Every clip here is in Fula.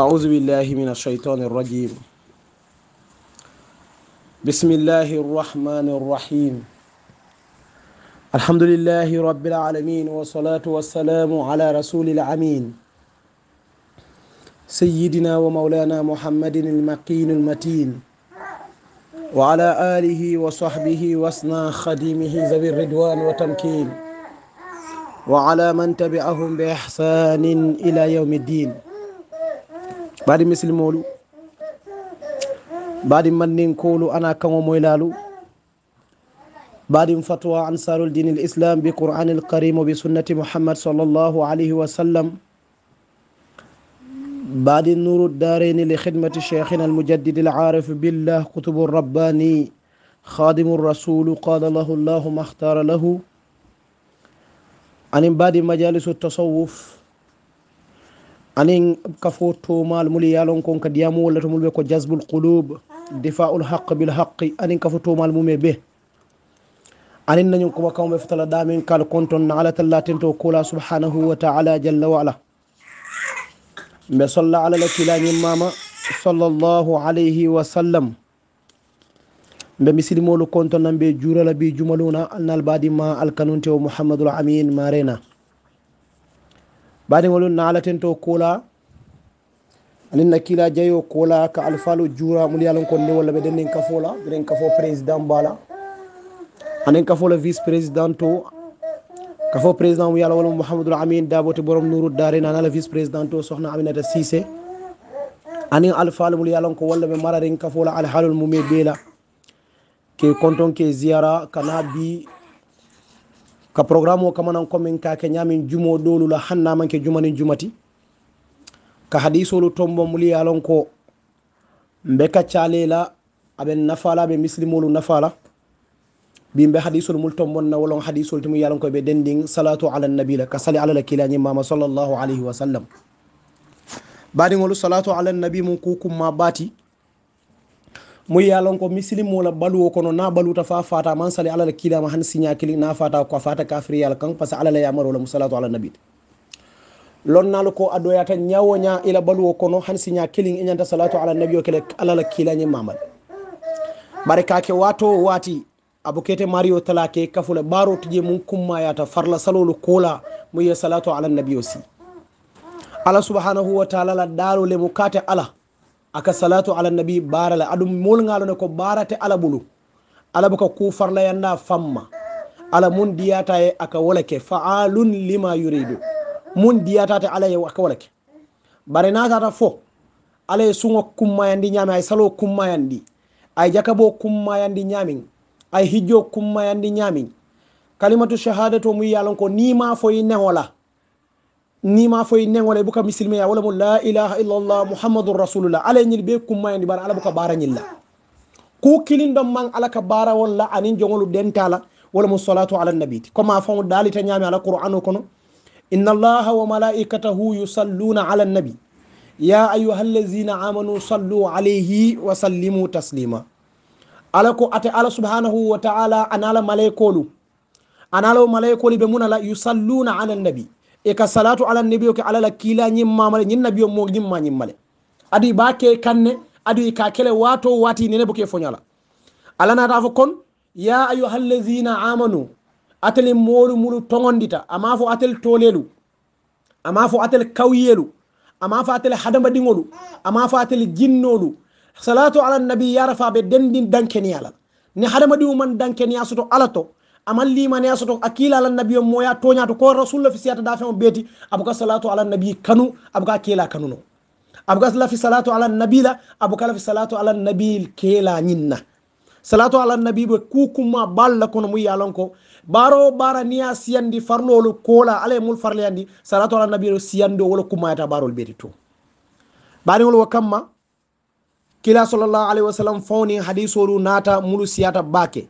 أعوذ بالله من الشيطان الرجيم بسم الله الرحمن الرحيم الحمد لله رب العالمين والصلاة والسلام على رسول العمين سيدنا ومولانا محمد المقين المتين وعلى آله وصحبه وصنا خديمه ذوي الردوان وتمكين وعلى من تبعهم بإحسان إلى يوم الدين baadi misilimoolu baadi manninkoolu ana kaŋo moylaalu baadi fatwa ansarul din lislam bi qur'ani alkarim bi sunnati muhammad sallallahu alayhi wa sallam بعد نور الدارين لخدمة شيخنا المجدد العارف بالله كتب الرباني خادم الرسول قال له الله ما اختار له عن بعد مجالس التصوف anin kafo to malmuli yalon kon ka diyamu walla tomul ɓe ko jasbul qulub difa ul haq bil haqi anin kafo to mal mume ɓe anin nañum koma kamɓe fotala ɗamin kal konton na ala tan laten to kola subhanahu wa taala jalla wa ala mbe solla ala la kilañin mama sallllahu alayhi wa sallam mbe misilimolu konton nan ɓe juralaɓi jumaluna alnalbadima alkanunte o mouhamadul amin marena baɗigolum naalaten to koola anin na kiila jeyo koola ka alfaalo juura mul yalon kon ni walla ɓe ɗennin kafola ɓeɗen kafo président mbala anen kafola vice président to kafo président mo yala walla mouhamadoul amin dabote borom nouru dare nanala vice président to sohna aminata sisé anin alfaalo mul yalon ko walla ɓe mararen kafola alhaalol mum e beela ke konton ke ziyara kana bi ka programme o kamanan komin kake ñamin jumo ɗolula hannamanke jumanin jumati ka hadisolu tombo muliyalon ko mbe kaccalela aɓen nafala ɓe mislimolu nafala mbimɓe hadisol mul tombonna wolon hadisol timu yalonkoye ɓe dending salatu ala nabila ka sali alala kilañi mama sallllahu alayhi wa sallam baɗigolu salatu ala nabi mum kukumma ɓati mo ye lon ko misilimola baluwo kono na ta fa fata man sali ala kila ma han sinya kili na fata ko fata kafiri yal kan pas ala ya yamarola mu salatu ala nabit nal ko nyawo nya ila ko no han siña kilin ta salatu ala nabi kele ala la ni mamal baraka ke wato wati abukete mario talake kafula baro tije mun ta farla salolu kola mu ya salatu ala nabi o si ala subhanahu wa taala la daalole mu kate ala aka salatu ala nabi baarala aɗum molgalone ko ɓarate alaɓolu alaɓa ka kufarlayanna famma ala mun diyata e aka wolake faalun lima yuridu mun diyatate alaye aka wolake bare natata fo alaye sugo kummayandi ñami ay salo kummayandi ay jakabo kummayandi ñamin ay hijjo kummayandi ñamin kalimatu shahadatu mu yalon ko nima foyi nehola nima foye negole buka misilme ya wolemo la ilaha illallah muhammadun rasulullah ala ñil be kummayandi bana ala buka bara ñilla ku kilindon man ala ka bara wolla anin jogolu dentala wolemo solatu ala nabiti ko ma fan dalita ñami ala qur'anu kono inna allaha wa malaikatahu yusalluna ala nabi ya ayuha allazina amanu sallu alayhi wa sallimu taslima ala ko ate ala subhanahu wa taala anala malaikolu analo malaikoli ɓe munala yusalluna ala nabi e ka salatu ala nebio ke alala kiila ñimmamale ñin nabio mo ñimma ñimmale adi ba ke kanne adi ka kele wato wati nene boke foñala ala nata fo kon ya ayuha llazina amanu atel molu mulu togondita ama fo atel tolelu ama fo atel kawyelu ama fo atel hadama ɗiŋolu ama fo atel jinnolu salatu ala nabi yarafa ɓe dendin dankeni alal ni hadama ɗiŋu man dankeniya soto ala to aman limane a soto a kiilal annabi o mo ya toñato ko rasulllahfi siyata da fe mo beeti abouka salatu ala nabi kanu abouka keela kanuno abouka lafi salatu ala nabi la abouka lafi salatu ala nabi keela ñinna salatu ala nabi ɓe kukumma balla kono mo yiyalon ko baro bara niya siyandi farlolo koola ala e mol farleyandi salatu ala nabi o siyandi o wala kummayata barol beeti to baniol wo kamma kila sallallah alayhi wa sallam fawni hadis oru naata mulu siyata baake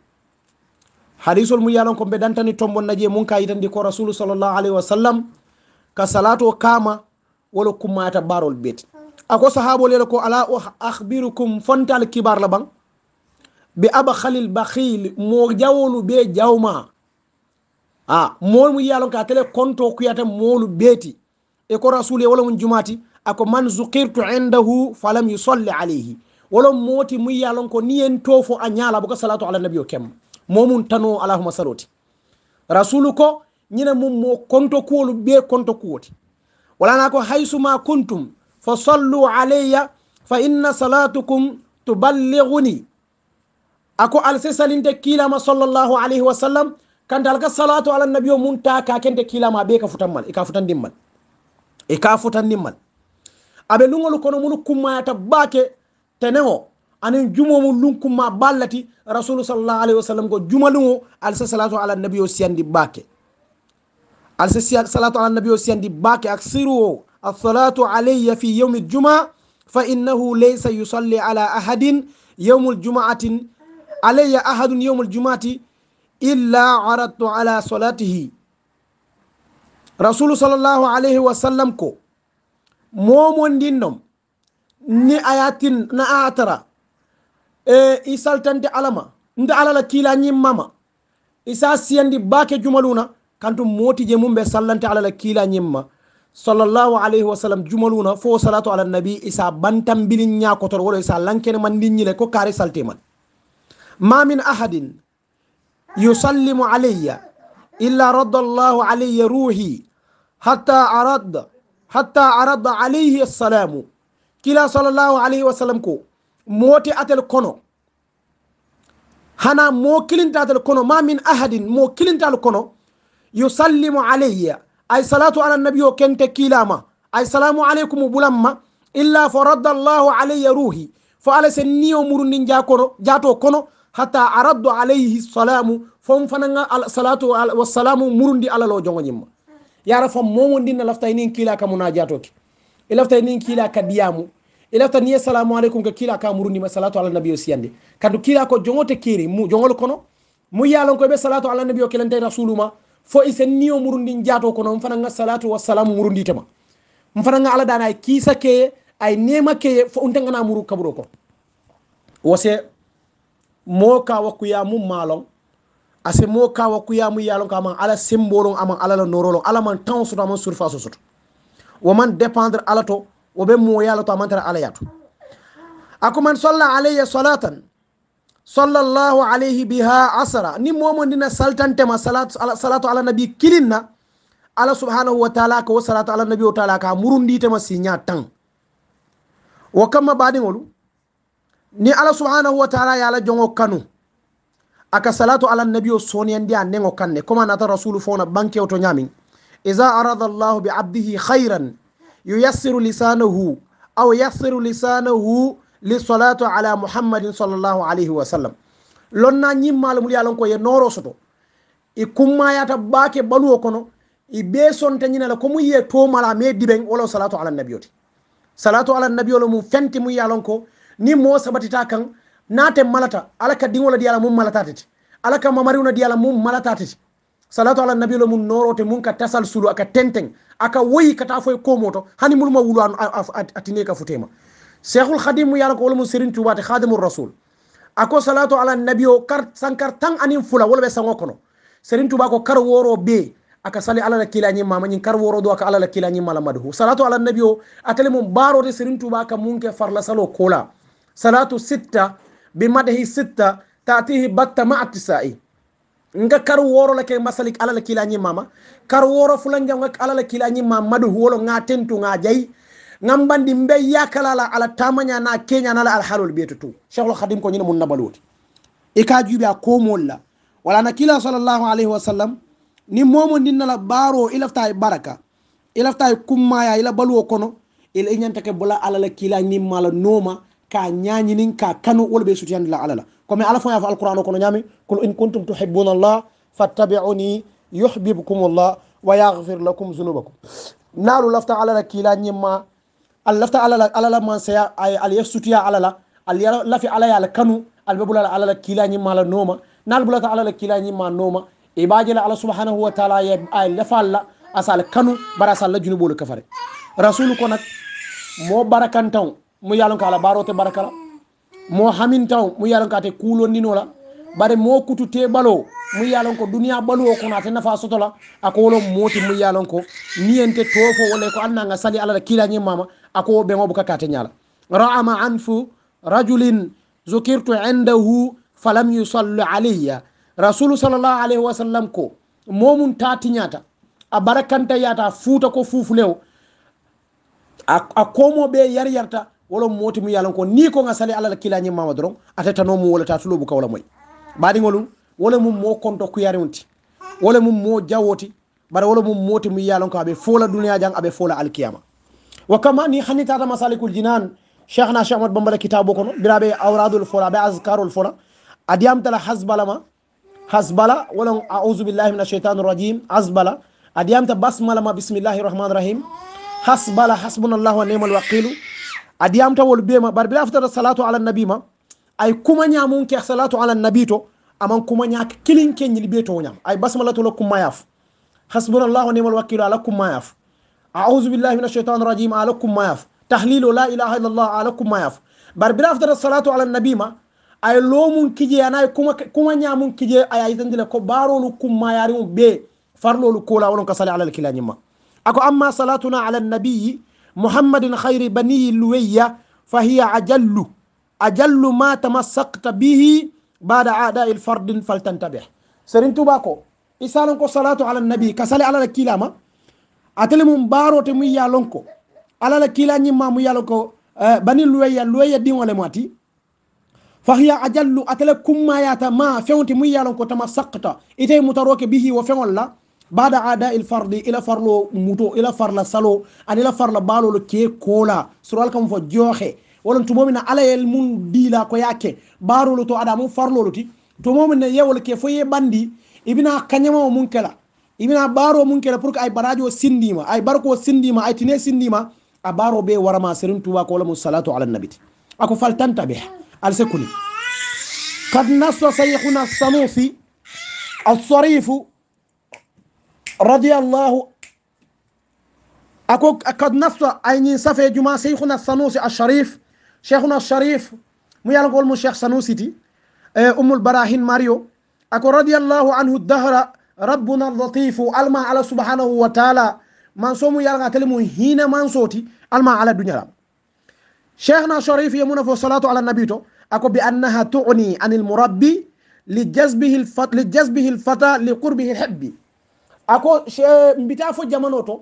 hadisol mum yalon ko mbeɗantani tombon naji e mun kayi tan ndi ko rasulu sallllahu alayhi wa sallam ka salatu o kama wala kummayata barol beete ako sahabol yele ko ala o akhbirukum fontal kibar la ɓang ɓe aba khalil bahil mo jawolu ɓe jawma a mol mum yalon ka tele konto kuyata molu beeti e ko rasul e wala mum jumati ako man zukirtu indahu falam yusolli alayhi wala mooti mum yalon ko ni en tofo a ñalabo ka salatu ala nabi o kemma momum tano alahuma saloti rasulu ko ñine mum mo konto kuwolu ɓe konto kuwoti walana ko haysuma kuntum fa sallu alayya fa inna salatukum tuballiguni ako alsesalinte kilama sallllahu alayhi wa sallam kanta alka salatu ala nabi o mum ta kakente kilama ɓe ka futanmal ika futandimmal ika e futandimmal e aɓe lugol kono munu kummayata bake tene o anen jumomo lunkumma ballati rasulu salllah alayhi wa sallam ko jumalumo alsa salatu ala nabi o siyandi bake alsa salatu ala nabi o siyandi bake ak siru o assalatu alayya fi yaumi ljuma fa innahu laysa yusalli ala ahadin yaumu ljumaatin alayya ahadun yaumu ljumaati illa aradtu ala solatihi rasulu sal llah alayhi wa sallam ko momo ndinnom ni ayatin na atara e i saltande alama nde alala kiila ñimmama isa siyandi baake jumaluna kantum motije mum ɓe sallante alala kiila ñimma sallallahu alayhi wa sallam jumaluna fo salatu ala nabi isa bantam bilin ñakotor woɗo isa lankene man ninñile ko kaari salte man ma min ahadin yusallimu alayya illa radda allahu alayya ruhi hatta aradda hatta aradda alayhi assalamu kila sallallahu alayhi wa sallam ko moote atel kono hana mo kilintatel kono ma min ahadin mo kilintal kono yusallimu alayya ay salatu ala nabi o kente kiilama ay salamu aleykum bulanma illa fo radda llahu alayya ruhi fo ala sen niyo muru ndin jakono jato kono hatta araddu alayhi salamu fon fananga salatu wasalamu murundi alal o jogoñimma yara fam momo ndinna laftay nin kiila kamuna jatoki e laftay nin kiila ka diyamu ilata e ni assalamu e aleykum ko kiila ka murunima salatu ala nabi o siyande kadu kiila ko jogote keeri mu jogol kono mu yalonkoɓe salatu ala nabi o kelante rasuluma fo isen e niyo murundi jato kono mfananga salatu wassalamu murunditema mfananga ala dana ay kiisa keye ay nema keye fo untengana muru kaburo ko wose mo ka wakkuyamu maalon ase mo ka wakkuyamu yalon ko ama ala sembolon ama ala la norolon alaman tan soto aman surface soto woman dépendre ala to wo ɓe muoyala to amantara alayato akoman solla alayya salatan sall llahu alayhi biha asra ni momodina saltantema salatu ala nabi kilinna ala subhanahu wa taala ka wo salatu ala nabi o taala ka murunditema siña tan wo kamma baɗiŋolu ni ala subhanahu wa taala yala jongo kanu aka salatu ala nabi o soniyandi a nego kanne comme nata rasulu fona bankewo to ñamin isa arada llahu bi abdihi hayran yuyassiru lisanahu aw yassiru lisanahu li solatu ala muhammadin sall llahu alayhi wa sallam lonna ñimmaala mu yalan ko ye nooro soto e kummayata baake baluwo kono e ɓeesonta ñinala ko mu yiye tomala me diɓen wala salatu ala nabi oti salatu ala nabi ola mum fenti mum yalan ko ni mo sabatita kan naate malata ala ka diŋola di yala mum malatatete ala ka mamariwna di yala mum malatatete salatu ala nabi ola mum norote mum ka tasal sulu aka tenteŋ aka woyi kata foye komo to hani muluma wulu a, a, a, a tine ka futema cheikhul khadim mu yalako wala mu serigne touba te khadimur rasul ako salatu ala nabi o kar sankar tan anin fula wala be sango kono serigne touba ko kar woro be aka sali ala la kilani mama nyin kar woro do aka ala la kilani mala madhu salatu ala nabi o atale mum baro te serigne touba ka munke farla salo kola salatu sitta bi madhi sitta taatihi batta ma atisa'i nga kar woro lake masalik alala kila ñi mama kar woro fulan jam nga alala kila ñi mama madu wolo nga tentu nga jay ngam bandi mbe yakala la ala tamanya na kenya na la al halul bietu tu shekhul khadim ko ñi mun nabal woti e ka jubi a ko mol la wala na kila sallallahu alaihi wasallam ni momo dinna la baro ila tay baraka ila tay kumma ya ila balu kono ila nyanta ke bula alala kila ñi mala noma كنيان ينين ككنو أول بيسوتيان لا على لا كم على فون يفعل القرآن وكنو نامي كل إن كنتم تحبون الله فاتبعوني يحببكم الله ويغفر لكم ذنوبكم نارو لفت على لا كلا نيما اللفت على لا على ما سيا أي علي سوتيا على لا لا لفي على يا الكنو البابولا على لا كلا نيما لا نوما نارو لفت على لا كلا نيما نوما إباجي على سبحانه وتعالى أي لا لا أسال كنو برا سال جنوب الكفر رسولكم مو بركان تون mu yalonka ala baro te barakala mo hamin taw mu yalonka te kulo nino la bare mo kutu te balo mu yalonko dunia balu ko na te nafa soto la ako wolo moti mu yalonko niente tofo wala ko ananga sali ala kila nyi mama ako be ngobu kakate nyala ra'ama anfu rajulin zukirtu indahu falam yusalli alayya rasulu sallallahu alayhi wa sallam ko momun tati nyata a barakanta yata futa ko fufulew a komo be yar yarta wala moti mu yalan ko ni ko nga sali alal kila nyi mama doron atata no mu wala tatulo bu kawla moy badi ngolu wala mum mo konto ku yari wonti wala mum mo jawoti bara wala mum moti mu yalan ko abe fola duniya jang abe fola al qiyama wa kama ni hanni tata masalikul jinan sheikhna sheikh ahmad bambala kitabo kono birabe awradul fola be azkarul fola adiyam tala hasbalama hasbala wala a'udhu billahi minash shaitanir rajim azbala adiyam ta basmala ma bismillahir rahmanir rahim hasbala hasbunallahu wa ni'mal wakeel a diyamtawol bema bar bila aftata salatu ala nabi ma ay kuma ñamun ke salatu ala nabi to aman kuma ñak kilin ke ñili be toñam ay basmalatola kummayaf hasbunallahu nimal wakilu ala kummayaf aaudu billahi min ashaitan rajim ala kummayaf tahlilu la ilaha illallah ala kummayaf bar bila aftata salatu ala nabi ma ay lomun kije ana kuma kuma ñamun kije aya yitandile ko barolu kummayarimu be farlolu kola wonon ka sali ala lkilañimma ako amma salatuna ala nabiyi محمد خير بني لوية فهي أجل أجل ما تمسكت به بعد أداء الفرد فلتنتبه سرين توباكو إسالنك صلاة على النبي كسالي على الكلام أتلم مبارو تمي يالونكو على الكلام ما مي يالونكو بني لوية لوية دين ولا فهي أجل أتلم كما ياتا ما فيونت مي يالونكو تمسكت إتي متروك به وفيون الله bada ada il fardi ila farlo muto ila farla salo an ila farla balolo ke kola sural kam fo joxe wala to momina ala el mun dila ko yake barolo to adamu farlolo ti to momina yewol ke fo ye bandi ibina kanyama mun kala ibina baro mun kala pour que ay barajo sindima ay barko sindima ay tine sindima a baro be warama serin tuba ko lamu salatu ala nabiti ako faltanta be al sekuni kad naswa sayhuna samusi al sarifu رضي الله أكو قد نص عيني صفة جماعة شيخنا السنوسي الشريف شيخنا الشريف ميال قول مو شيخ سنوسي دي آه، أم البراهين ماريو أكو رضي الله عنه الدهر ربنا اللطيف ألما على سبحانه وتعالى من سومو يالغا تلمو هنا من صوتي ألما على الدنيا شيخنا الشريف يمون في الصلاة على النبي تو أكو بأنها تعني عن المربي لجذبه الفتى لجذبه الفتى لقربه الحبي ako mbita fo jamano to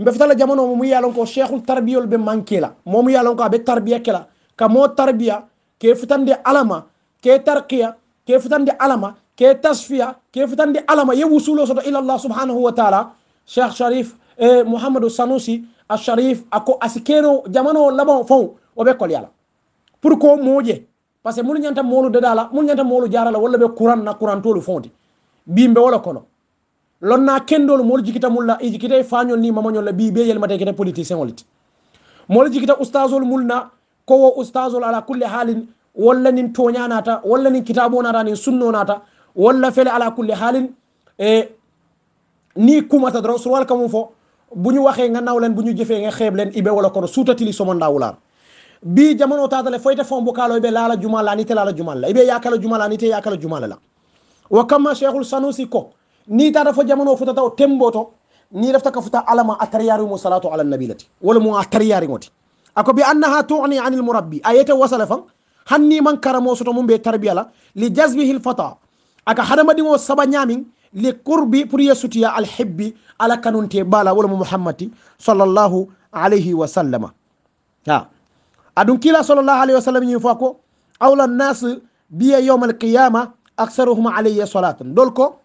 mbe fitala jamano mo yalon ko cheikhul tarbiyol be manke la mom yalon ko be tarbiya kela ka mo tarbiya ke fitande alama ke tarqiya ke fitande alama ke tasfiya ke fitande alama ye wusulo soto ila allah subhanahu wa ta'ala cheikh sharif eh, mohamadou sanusi a sharif ako asikeno jamano labo fon o be kol yala pour ko moje parce que mulu nyanta molu dedala mulu nyanta molu jarala wala be kuran na kuran fonti bimbe lonna kendol mol jikita mulla ijikita fañol ni mamañol la bi be yel mate kete politicien olti mol jikita oustagol mulna kowo oustagol ala kulle halin walla nin toña nata walla nin kitabo nata nin sunno nata walla fele ala kulle halin e ni kumata dro sur walka mum fo buñu waxe nga nawlen buñu jëfe nga xeb len ibe wala kono sutatili somo ndawula bi jamono tata le foyte fon bukalo be lala juma la ni tela la juma la ibe yakala juma la ni te yakala juma la wa kama cheikhul sanusi ko ni ta dafa jamono futa taw temboto ni dafa ka futa alama ataryarumo musallatu ala nabilati wala mo ngoti ako bi annaha tu'ni anil murabbi ayata wasala fam hanni man karamo soto mumbe tarbiya la li jazbihi fata aka hadamadiŋo saba ñamin li qurbi pour ye al alhibbi ala kanunte bala wala muhammadi sallallahu alayhi wa sallam ha adun kila sallallahu alayhi wa sallam ñin fo ko nas bi yawm al qiyamah aksaruhum alayya salatan dolko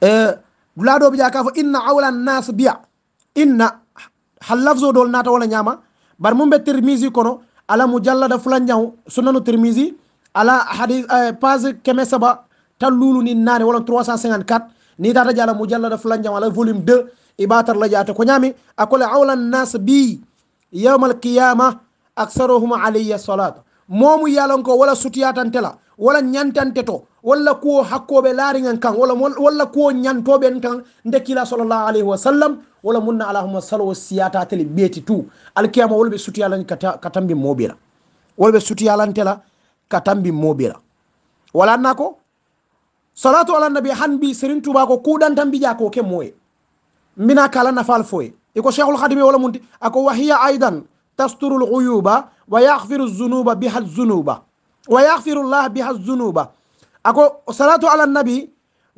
Eh, laaɗo ɓe ƴakafo inna awla nas biya inna ha lafso dol nata wala ñama bar mum ɓe termisi kono ala mo jallada fula ñaw sunnano termisi ala hadi uh, eh, page keme saba tan lulu ni nane wala 354 ni tataji ala mo jallada fula ñaw ala volume 2 iɓatar laƴata ko ñami akole awla nas bi yawma alqiyama aksarohuma alayya salata momu yalon ko wala sutiya tan tela walla ñantante to walla kuwo hakkoɓe laariŋan kan walla walla kuwo ñantoɓen kan ndekkila salllah alayhi wa sallam walla munna alahuma salo siyatatele ɓeeti tout alkiyama wolɓe sutiyalani ka tambi mobila wolɓe sutiyalantela ka tambi mobila walanna ko salatu alannabi han mbi serin tuba ko kuɗantan mbiƴa ko ke moye mbina kala nafal foye eko cheikhul hadimi walla munti ako wahiya aidan tasturu l'uyuba wa yahfiru zunuba bihal zunuba wa yahfiru llah biha zunuba ako salatu ala nabi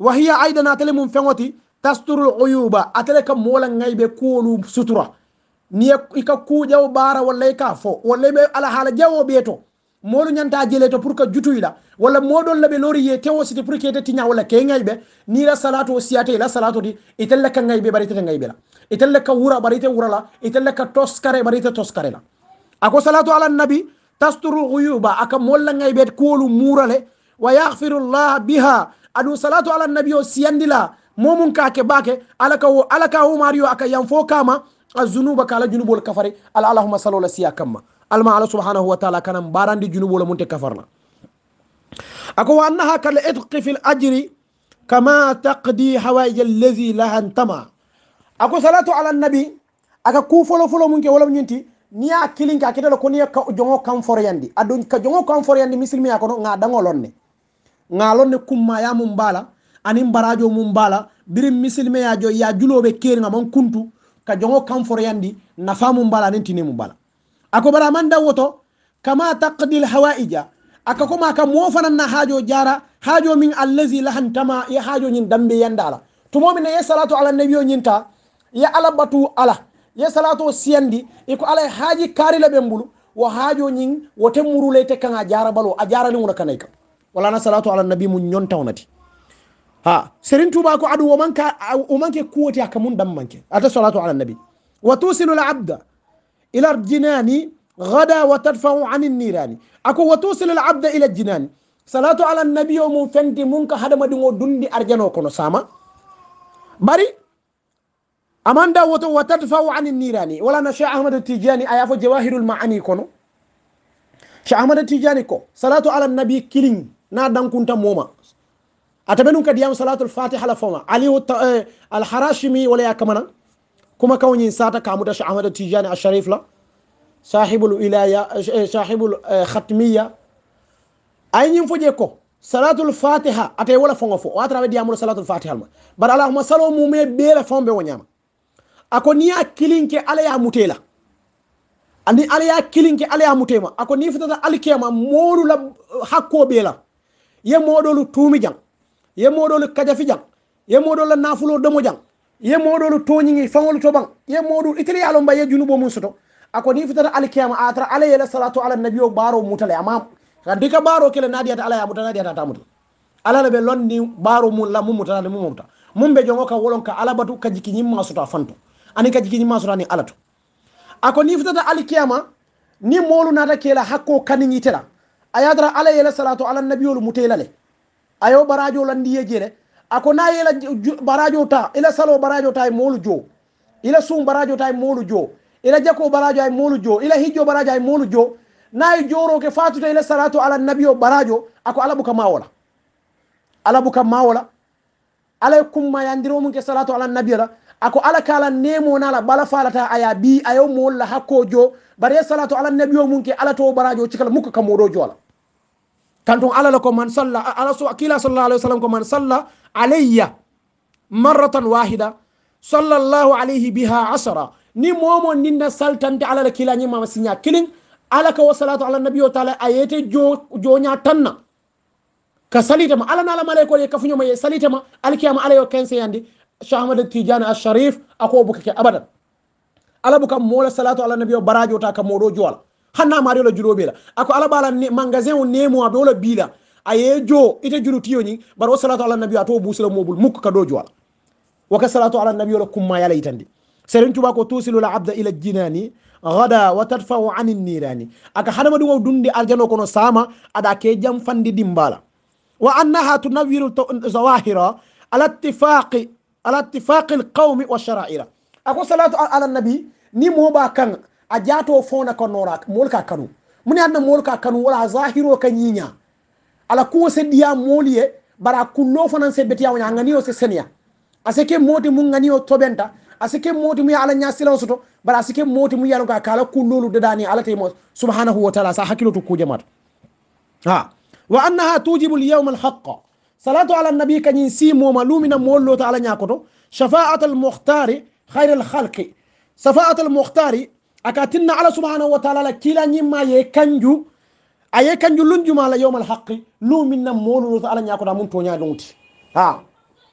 wa hiya aidan atele mum feŋoti tasturu luyuba atele ka moola ŋayibe kuwolu sutura niye ika kujawo ɓara walla ika fo walla ɓe ala haala jawo ɓee to moolu ñanta jele to pour que jutuyɗa walla moɗol laɓe lori ye tewo site pour que ete tiña walla ke ŋayɓe nira salatu o siyate ila salatu ti itelle ka ŋayɓe ɓari itete ŋayɓe la itelle ka wura ɓari ite wurala itelle ka toskare ɓari ite toskare la ako salatu ala nabi tastoru uyuba aka molla ngay ɓeet kuwolu murale wa yahfirullaha biha aɗum salatu ala nabi o siyandila momum kake ɓake alaka wo alaka wumar yo aka yam fo kama a junuba kala junubol kafare ala allahuma salola siya kamma alma ala subhanahu wa taala kanam barandi junubola munte kafarna ako wa annaha kal itqi fi l ajri kama taqdi hawaija llazi lahantama ako salatu ala nabi aka kufolofolo munke wala ñinti niya kilinke a kitalo koniya ka jongo kan foryandi ado ka jongo kan foryandi muslimi akono nga dangolonne nga lonne kumma ya mum bala ani mbarajo mum bala birim muslimi ya jo ya julobe keri nga mon kuntu ka jongo kan foryandi na famu bala nin tini mum bala ako bara manda woto kama taqdil hawaija aka kuma ka mo fanan na hajo jara hajo min allazi lahantama ya hajo nyin dambe yandala tumomi na ya salatu ala nabiyo nyinta ya alabatu ala ye salato siyandi eko alay haaji kaari laɓen mbulu wo haajo ñin wote murulay te kan a jarabal o a jarani ŋuna kanay kan wala na salatu ala nabi mun ñonta wonati ha serin tuba ko adu omanka o manke kuwoti aka mun dam manke ata salatu ala nabi wa tusilu labda ila jinani gada wa tadfau an nirani ako wa tusilu labda ila jinani salatu ala nabi o mun fenti mun ka hadamadin o dundi arjano kono sama bari amanda woto watadfau an nirani walana cheikh ahmad tidiani aya fo jawahirul maani kono cheikh ahmad tidiani ko salatu ala nabi kilin na dankunta moma ataɓenum kadiyam salatul fatiha la foma aliwta eh, alharashimi walaya kamana kuma kawñin sata kamuda cheikh ahmad tidiani a sharif la sahibul wilaya eh, sahibul eh, khatmiya ay ñin fo je ko salatul fatiha atay wala foŋo fo o a travé diyamula salatul fatiha lma bara alahuma salo mume ɓeela fombe wo ñama ako ni a kilinke ala ya mutela ani ala ya kilinke ala ya mutema ako ni fitata alkema moru la uh, hakko bela ye modolu tumi jang ye modolu kaja fi jang ye modolu nafulo demo jang ye modolu toñi ngi fangolu to bang ye modolu itali alo mbaye junu bo musoto ako ni fitata alkema atara ala ya salatu ala nabiyo baro mutale amam kandika baro kele nadiata ala ya mutale nadiata tamutu ala be lonni baro mun la mumuta la mumuta mumbe jongo ka wolon ka alabatu kajiki nyimma suta fanto ani ka jigini masura ni alatu ako ni futata alkiyama ni molu nata kela hakko kanin yitela ayadara ala yela salatu ala nabiyolu mutelale ayo barajo landiye jere ako na yela barajo ta ila salo barajo ta molu jo ila sum barajo ta molu jo ila jako barajo ay molu jo ila hijjo barajo ay molu jo nay joro ke fatuta ila salatu ala nabio barajo ako alabu ala buka alabu ala buka alaykum ma kumma mun ke salatu ala nabio ako ala kala nemonala bala falata aya ɓi ayo molla hakkojo bare salatu ala nabi o mun ke ala to barajo cikala mukka kam oɗo jo ala tanto ala la ko man salla ala so akila sallallahu alayhi wasallam ko man salla alayya marratan wahida sallallahu alayhi biha asara ni momo ninna saltante ala la kila nyima masinya kilin ala ko salatu ala nabi o taala ayete jo jonya tanna ka salitama ala nala malaiko ye kafunyo ma ye salitama alkiyama ala yo kense yande cheikh ahmad tidiane a sharif ako bukake abadan alabu kam mola salatu ala nabi o barajo ta kam moɗo jowal hanna mari ola juroɓela ako ala ɓala magasin o nemoa ɓe ola biila aye jo ita juro tiyoñi bara o salatu ala nabi ato busila mobul mukka kado jowal waka salatu ala nabi ola kumma yala yitandi serin tuba ko tusilul abda ila jinani gada wa tadfau ani nirani aka hanama ɗum o dundi aljano kono sama aɗa ke jam fandi dimbala wa annaha tunawiru zawahira alattifaqi ala ittifaqi alqawmi wa sharaira ako salatu ala nabi ni moɓa kan a jato fona ko nora molka kanu muni adna molka kanu wala zahiro ka ñiña ala kuwo seɗɗiya moliye bara kullo fanan se betiya wona a ganiyo se seneya a sike moti mu ganiyo toɓenta a sike moti mu ya ala ña silaw soto bara a sike moti mu yaloga kala kullolu dadani ala tema subhanahu wa taala sa hakkilo to kuje mata ha wa annaha tujibu lyawma alhaqa salatu ala nabi kañi simoma lumina mowollota ala ñakoto shafaat almoukhtari hayre alhalqi shafaat almoukhtari aka tinna ala subhanahu wa taala la kila ñimma ye kanju a ye kanju lunjuma la yawma alhaqi lumina mowolulota ala ñakoto amun toñaluŋti a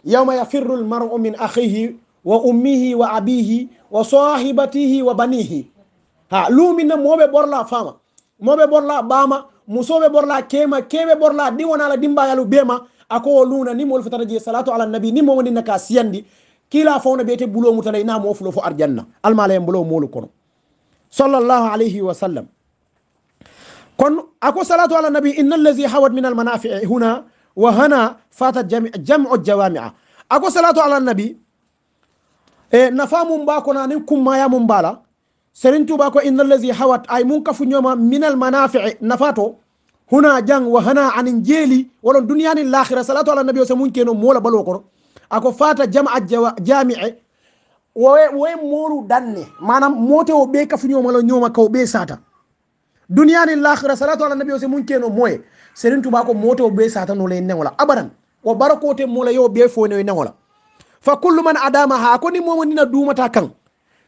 yawma yafiru almaru min akhihi wa ummihi wa abihi wa sahibatihi wa banihi ha lumina moɓe ɓorla fama moɓe ɓorla ɓama musoɓe ɓorla kema keɓe ɓorla diwonala dimbayalu ɓema ako luna ni mowol fetata je salatu ala nabi ni mowoni naka siyandi kila fawna ɓeyete bulomu tanayi na mofulo fo arjanna almalayam bolo molu kono sallllahu alayhi wa sallam kon ako salatu ala nabi inna allazi hawat min almanafii huna wa hana fata jamu jawamia ako salatu ala nabi e nafa mum ba konani kummaya mum bala serin tuba ko inna allazi hawat ay mun kafuñoma min almanafii nafa to huna jang wa hana anin jeeli walon duniya nin lahira salatu ala nabi o se mun keno moola balo koro ako fata jama jamie woye woye moru danne manam mote o be kafinyo malo nyoma ka o be sata duniya nin lahira salatu ala nabi o se mun keno moye serin tuba ko mote o be sata no le newola abaran wa barakote moola yo be fo ne newola fa kullu man adama ha ko ni momo dina dumata kan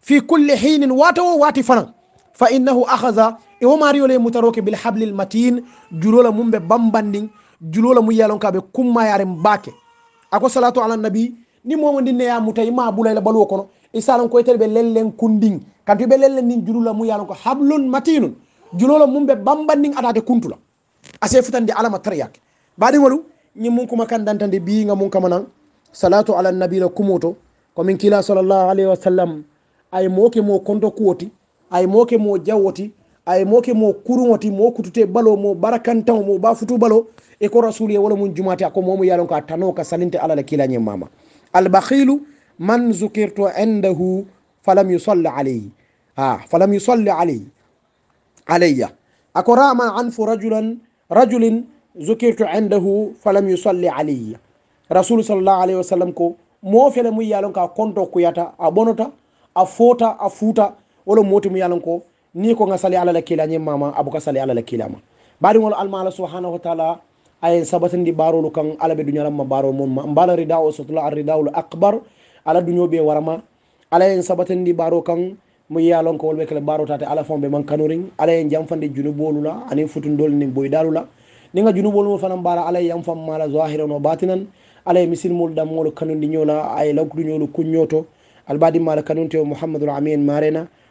fi kulli hinin wato wati fanan fa innahu akhadha iwomari e yole mutaroke bil hablil matin julola mum ɓe bambandin julola mum yalon kaɓe kumma yaren bake ako salatu ala nabi ni momo ndinneya mutayi ma bulayla baluwo kono isalon e koytere ɓe lellen kundin kanto ɓe lellen ndin julula mum yalon ko hablun matinun julola mum ɓe bambandin atade kuntula ase futande alama tariyake baɗin walu ñin mum kuma kan dantande biyiga mum kama nan salatu ala nabi la kumoto komin kila sallallahu alayhi wa sallam ay moke mo konto kuwoti ay moke mo jawwoti ay moke mo kuruŋoti mo kutute balo mo barakantaŋo mo bafutu balo e ko rasulu ye wala mun jumati a ko momu ye lonko a tano ka saninte alla la kilañe mama albahilu man zukirto indahu falam usalli alayhi a falam usalli alayhi alayya a ko rama anfu rajulan rajulin zukirto indahu falam usalli alayya rasulu salllah alayhi wa sallam ko mofele mum ye lonko a konto kuyata a ɓonota a fota a futa wala motimu ye lon ko ni ko nga sali ala la kila mama abu ka sali ala la kila ma bari ngol alma ala subhanahu wa ta'ala ay sabatandi barolu kan ala be dunya lam baro mon ma mbala rida o sotla ar rida al akbar ala dunyo be warama ala en sabatandi baro kan mu yalon ko wolbe kala baro tata ala fon be man kanurin ala en jamfande junubolu la ani futundol ni boydalu la ni nga junubolu fanam bara ala yam fam mala zahiran wa batinan ala misil mul dam mo damol kanundi nyola ay lawkudu nyolu kunyoto albadi mala kanunte muhammadul amin marena